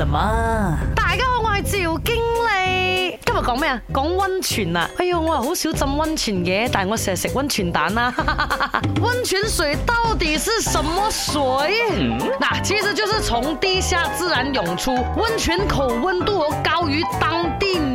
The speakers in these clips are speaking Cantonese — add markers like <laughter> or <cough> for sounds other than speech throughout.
什麼大家好，我係趙經理，今日講咩啊講溫泉啊，哎喲，我係好少浸溫泉嘅，但係我成日食溫泉蛋啦，啊。溫 <laughs> 泉水到底是什麼水？嗱，嗯，其實就是從地下自然湧出，溫泉口溫度高於當。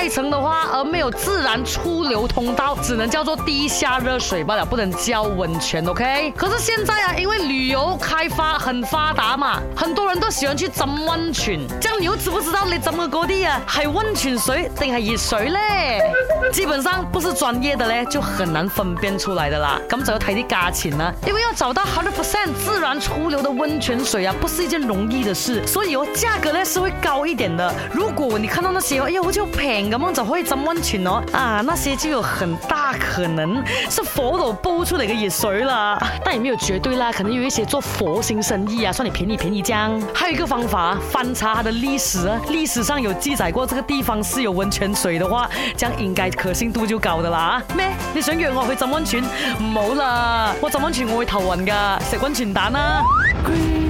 外層的話，而沒有自然出流通道，只能叫做地下熱水罷了，不能叫溫泉。OK？可是現在啊，因為旅遊開發很發達嘛，很多人都喜歡去浸溫泉。這樣你又知不知道你浸嘅嗰啲啊，係溫泉水定係熱水咧？ <laughs> 基本上不是專業的咧，就很難分辨出來的啦。咁就要睇啲價錢啦、啊，因為要找到 hundred percent 自然出流的溫泉水啊，不是一件容易的事，所以哦，價格咧是會高一點的。如果你看到那些哎呦，我就平。咁樣就可以浸溫泉咯，啊，那些就有很大可能是火爐煲出嚟嘅熱水啦，啊，但也沒有絕對啦，可能有一些做佛心生意啊，算你便宜便宜這樣。還有一個方法，翻查它的歷史，啊，歷史上有記載過這個地方是有溫泉水的話，這樣應該可信度就夠的啦。咩？你想約我去浸溫泉？唔好啦，我浸溫泉我會頭暈噶，食溫泉蛋啦，啊。